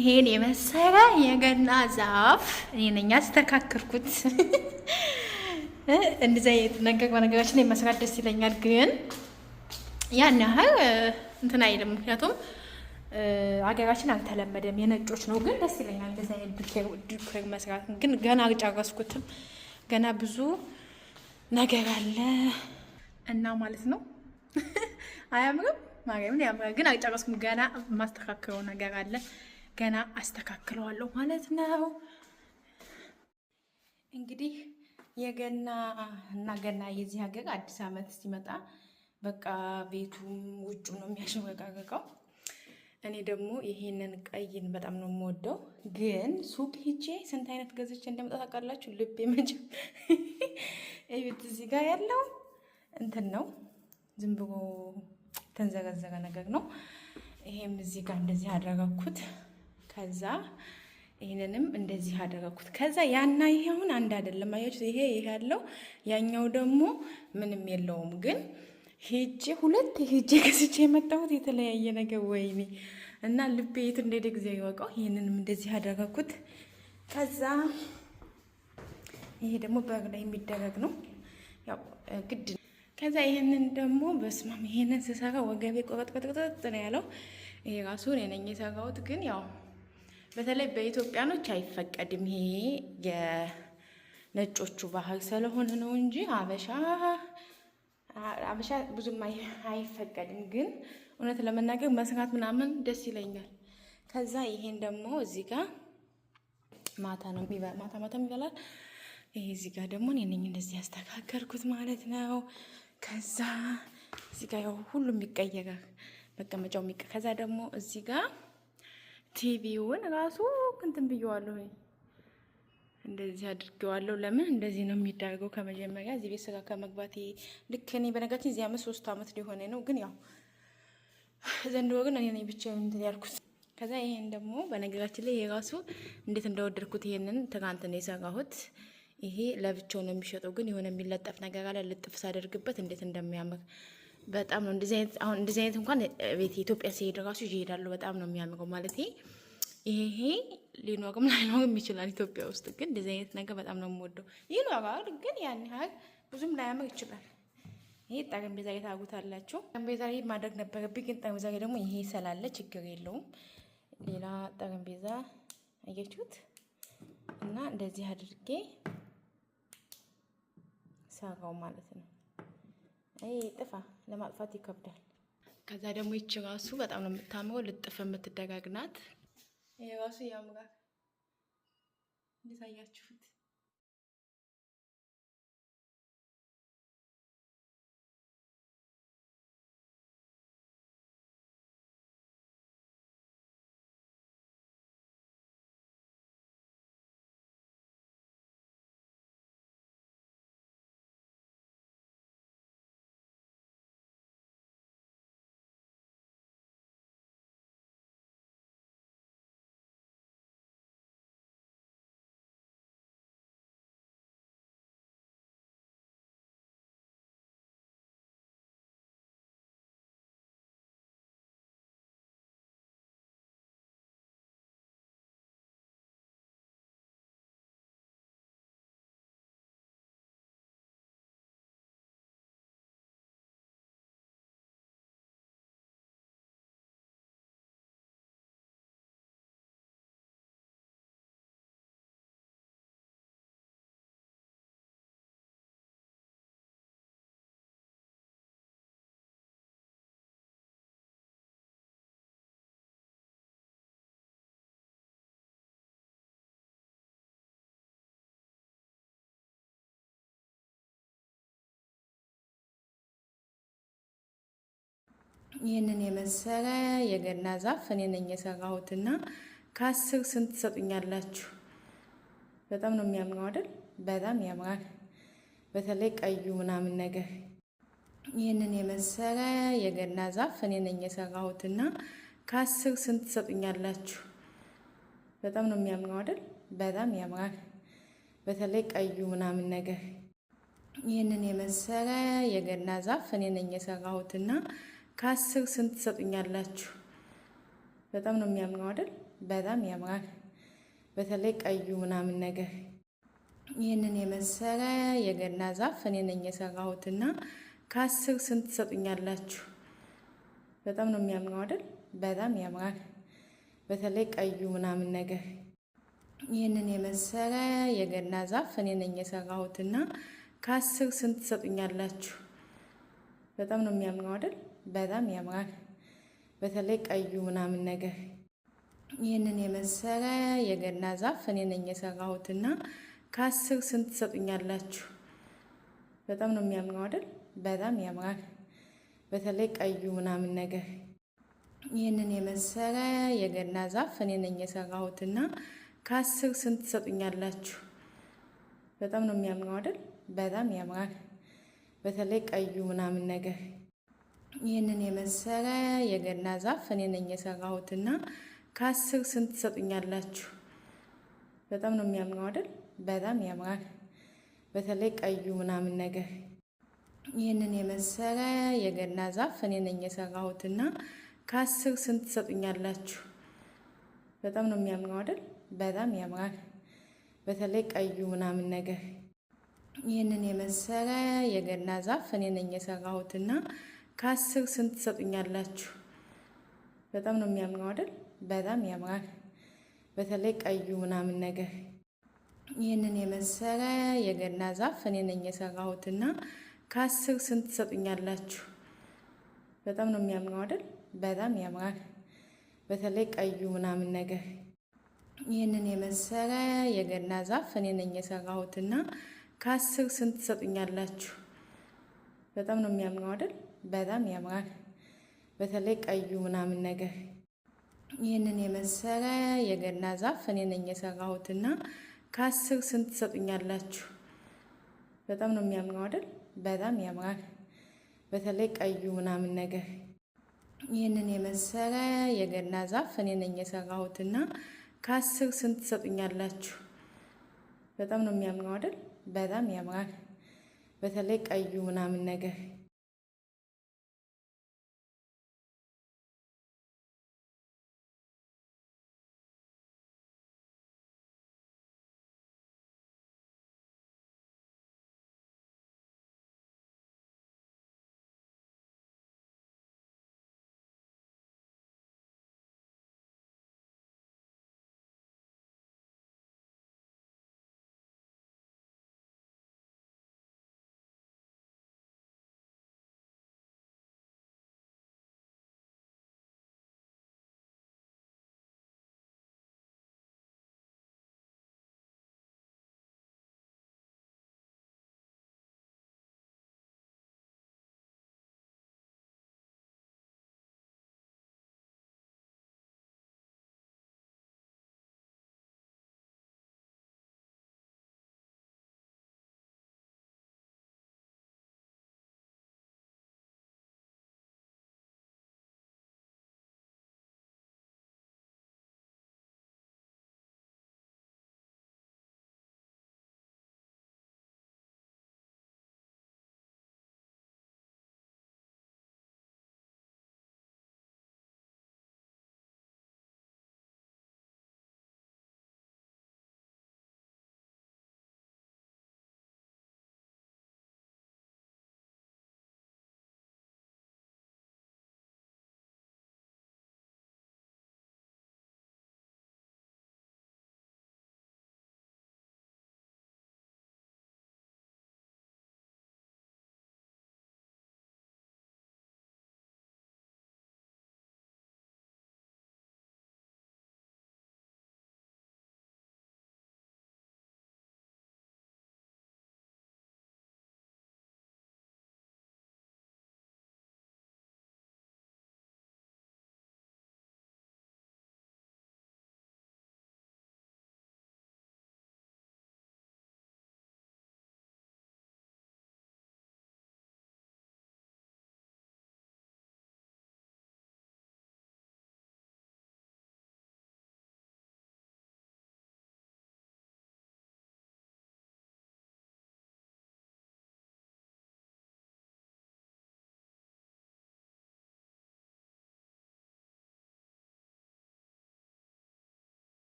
ይሄን የመሰለ የገና ዛፍ እኔ ነኝ አስተካከልኩት። እንደዚያ ነገር በነገራችን ላይ ደስ ይለኛል፣ ግን ያን ያህል እንትን አይልም። ምክንያቱም አገራችን አልተለመደም፣ የነጮች ነው። ግን ደስ ይለኛል እንደዚያ ዱኬር መስራት። ግን ገና አልጨረስኩትም። ገና ብዙ ነገር አለ እና ማለት ነው። አያምርም? ማርያምን ያምራል፣ ግን አልጨረስኩም። ገና ማስተካከለው ነገር አለ። ገና አስተካክለዋለሁ ማለት ነው። እንግዲህ የገና እና ገና የዚህ ሀገር አዲስ ዓመት ሲመጣ በቃ ቤቱም ውጩ ነው የሚያሸበቃቀቀው። እኔ ደግሞ ይሄንን ቀይን በጣም ነው የምወደው፣ ግን ሱቅ ሂጄ ስንት አይነት ገዝቼ እንደመጣ ታውቃላችሁ? ልቤ መቼ ቤት እዚህ ጋር ያለው እንትን ነው፣ ዝም ብሎ ተንዘረዘረ ነገር ነው። ይሄም እዚህ ጋር እንደዚህ አደረገኩት። ከዛ ይህንንም እንደዚህ አደረኩት። ከዛ ያና ይሄ አሁን አንድ አይደለም። አያችሁ፣ ይሄ ይሄ ያለው ያኛው ደግሞ ምንም የለውም። ግን ሄጄ ሁለት ሄጄ ገዝቼ የመጣሁት የተለያየ ነገር ወይኔ! እና ልቤ የት እንደሄደ ጊዜ ይወቀው። ይህንንም እንደዚህ አደረኩት። ከዛ ይሄ ደግሞ በር ላይ የሚደረግ ነው፣ ያው ግድ ነው። ከዛ ይሄንን ደግሞ በስማም ይሄንን ስሰራ ወገቤ ቆረጥ ቆረጥ ነው ያለው። ይሄ ራሱ እኔ ነኝ የሰራሁት ግን ያው በተለይ በኢትዮጵያኖች አይፈቀድም። ይሄ የነጮቹ ባህል ስለሆነ ነው እንጂ አበሻ አበሻ ብዙም አይፈቀድም። ግን እውነት ለመናገር መስራት ምናምን ደስ ይለኛል። ከዛ ይሄን ደግሞ እዚህ ጋር ማታ ነው ማታ ማታ ይበላል። ይሄ እዚህ ጋር ደግሞ እኔ ነኝ እንደዚህ ያስተካከልኩት ማለት ነው። ከዛ እዚህ ጋር ያው ሁሉም ይቀየራል መቀመጫው። ከዛ ደግሞ እዚህ ጋር ቲቪውን ራሱ እንትን ብየዋለሁ፣ እንደዚህ አድርገዋለሁ። ለምን እንደዚህ ነው የሚደረገው ከመጀመሪያ እዚህ ቤት ስራ ከመግባቴ ልክ እኔ በነገራችን እዚህ ዓመት ሶስት አመት ሊሆነ ነው፣ ግን ያው ዘንድሮ ግን እኔ ብቻ እንትን ያልኩት። ከዛ ይሄን ደግሞ በነገራችን ላይ ይሄ ራሱ እንዴት እንደወደድኩት ይሄንን ትናንት ነው የሰራሁት። ይሄ ለብቻው ነው የሚሸጠው፣ ግን የሆነ የሚለጠፍ ነገር አለ። ልጥፍ ሳደርግበት እንዴት እንደሚያምር በጣም ነው እንደዚህ አይነት አሁን እንደዚህ አይነት እንኳን ቤት ኢትዮጵያ ሲሄድ ራሱ ይሄዳሉ። በጣም ነው የሚያምረው ማለት ይሄ ሊኖርም ላይኖርም ይችላል። ኢትዮጵያ ውስጥ ግን እንደዚህ አይነት ነገር በጣም ነው የምወደው። ይኖራል፣ ግን ያን ያህል ብዙም ላያምር ይችላል። ይሄ ጠረጴዛ ላይ ታጉታላችሁ። ጠረጴዛ ላይ ማድረግ ነበረብኝ፣ ግን ጠረጴዛ ላይ ደግሞ ይሄ ስላለ ችግር የለውም። ሌላ ጠረጴዛ አያችሁት እና እንደዚህ አድርጌ ሰራው ማለት ነው። ጥፋ ለማጥፋት ይከብዳል። ከዛ ደግሞ ይች ራሱ በጣም ነው የምታምረው። ልጥፍ የምትደጋግናት ይሄ ራሱ ያምራል። እንዴት ይህንን የመሰለ የገና ዛፍ እኔ ነኝ የሰራሁትና ከአስር ስንት ትሰጡኛላችሁ? በጣም ነው የሚያምረው አይደል? በጣም ያምራል። በተለይ ቀዩ ምናምን ነገር ይህንን የመሰለ የገና ዛፍ እኔ ነኝ የሰራሁትና ከአስር ስንት ትሰጡኛላችሁ? በጣም ነው የሚያምረው አይደል? በጣም ያምራል። በተለይ ቀዩ ምናምን ነገር ይህንን የመሰለ የገና ዛፍ እኔ ነኝ የሰራሁትና ከአስር ስንት ትሰጡኛላችሁ? በጣም ነው የሚያምነው አይደል? በጣም ያምራል። በተለይ ቀዩ ምናምን ነገር ይህንን የመሰለ የገና ዛፍ እኔ ነኝ የሰራሁትና ከአስር ስንት ትሰጡኛላችሁ? በጣም ነው የሚያምረው አይደል? በጣም ያምራል። በተለይ ቀዩ ምናምን ነገር ይህንን የመሰለ የገና ዛፍ እኔ ነኝ የሰራሁትና ከአስር ስንት ትሰጡኛላችሁ? በጣም ነው የሚያምረው አይደል? በጣም ያምራል። በተለይ ቀዩ ምናምን ነገር ይህንን የመሰለ የገና ዛፍ እኔ ነኝ የሰራሁትና ከአስር ስንት ትሰጡኛላችሁ? በጣም ነው የሚያምረው አይደል? በጣም ያምራል። በተለይ ቀዩ ምናምን ነገር ይህንን የመሰለ የገና ዛፍ እኔ ነኝ እና ከአስር ስንት ትሰጡኛላችሁ? በጣም ነው የሚያምረው አይደል? በጣም ያምራል። በተለይ ቀዩ ምናምን ነገር ይህንን የመሰለ የገና ዛፍ እኔ ነኝ የሰራሁትና ከአስር ስንት ትሰጡኛላችሁ? በጣም ነው የሚያምረው አይደል? በጣም ያምራል። በተለይ ቀዩ ምናምን ነገር ይህንን የመሰለ የገና ዛፍ እኔ ነኝ የሰራሁትና ከአስር ስንት ትሰጡኛላችሁ? በጣም ነው የሚያምረው አይደል? በጣም ያምራል። በተለይ ቀዩ ምናምን ነገር ይህንን የመሰለ የገና ዛፍ እኔ ነኝ የሰራሁትና ከአስር ስንት ትሰጡኛላችሁ? በጣም ነው የሚያምነው አይደል? በጣም ያምራል። በተለይ ቀዩ ምናምን ነገር ይህንን የመሰለ የገና ዛፍ እኔ ነኝ የሰራሁትና ከአስር ስንት ትሰጡኛላችሁ? በጣም ነው የሚያምረው አይደል? በጣም ያምራል። በተለይ ቀዩ ምናምን ነገር ይህንን የመሰለ የገና ዛፍ እኔ ነኝ የሰራሁትና ከአስር ስንት ትሰጡኛላችሁ? በጣም ነው የሚያምነው አይደል? በጣም ያምራል። በተለይ ቀዩ ምናምን ነገር ይህንን የመሰለ የገና ዛፍ እኔ ነኝ የሰራሁትና ከአስር ስንት ትሰጡኛላችሁ? በጣም ነው የሚያምነው አይደል? በጣም ያምራል። በተለይ ቀዩ ምናምን ነገር ይህንን የመሰለ የገና ዛፍ እኔ ነኝ የሰራሁትና ከአስር ስንት ትሰጡኛላችሁ? በጣም ነው የሚያምነው አይደል? በጣም ያምራል። በተለይ ቀዩ ምናምን ነገር